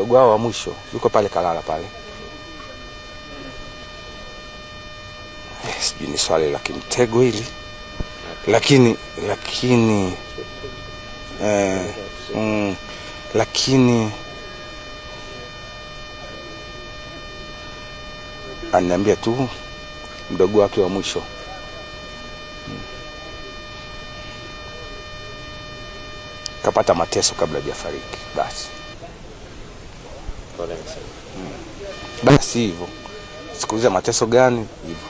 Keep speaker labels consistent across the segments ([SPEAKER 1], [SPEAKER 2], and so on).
[SPEAKER 1] mdogo wao wa mwisho yuko pale kalala pale. Eh, sijui ni swali la kimtego hili, lakini lakini eh, mm, lakini ananiambia tu mdogo wake wa mwisho kapata mateso kabla hajafariki basi. Hmm. basi hivyo siku mateso gani hivyo.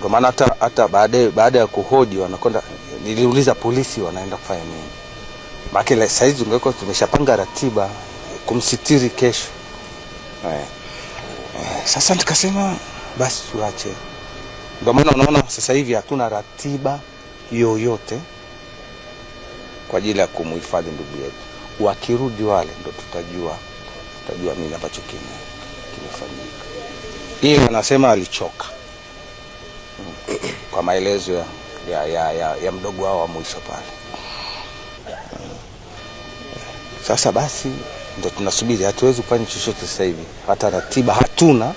[SPEAKER 1] kwa maana hata hata baadaye baada ya kuhoji wanakwenda, niliuliza polisi wanaenda kufanya nini? Maana saa ungekuwa tumeshapanga ratiba kumsitiri kesho. Eh. eh. Sasa nikasema basi tuache. Ndio maana unaona sasa hivi hatuna ratiba yoyote kwa ajili ya kumhifadhi ndugu yetu. Wakirudi wale ndo tutajua utajua nini ambacho kimefanyika. Hii wanasema alichoka hmm. kwa maelezo ya, ya, ya, ya, ya mdogo wao wa mwisho pale. Sasa basi ndo tunasubiri, hatuwezi kufanya chochote sasa hivi, hata ratiba hatuna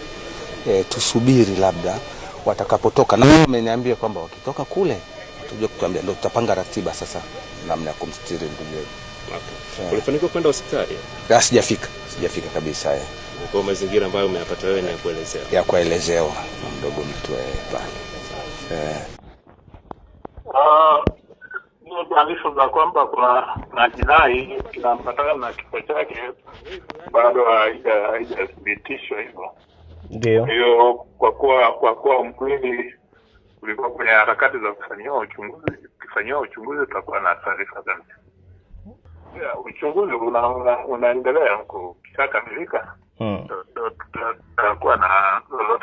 [SPEAKER 1] e, tusubiri labda watakapotoka, na wameniambia kwamba wakitoka kule watakuja kutuambia, ndo tutapanga ratiba sasa namna ya kumstiri ndugu yetu.
[SPEAKER 2] Ulifanikiwa kwenda hospitali?
[SPEAKER 1] Ah, Sijafika, sijafika kabisa. Eh.
[SPEAKER 2] Kwa mazingira ambayo umeyapata wewe ni ya kuelezewa,
[SPEAKER 1] ya kuelezewa mdogo mtu eh pale Eh.
[SPEAKER 3] Ah, ni taarifa za kwamba kuna na jinai inampatana na kifo chake bado haijathibitishwa hivyo. Ndio hiyo, kwa kuwa kwa kuwa mkwili ulikuwa kwenye harakati za kufanyiwa uchunguzi, ukifanyiwa uchunguzi utakuwa na taarifa kamili uchunguzi unaendelea kukikamilika, hmm. tutakuwa na lolote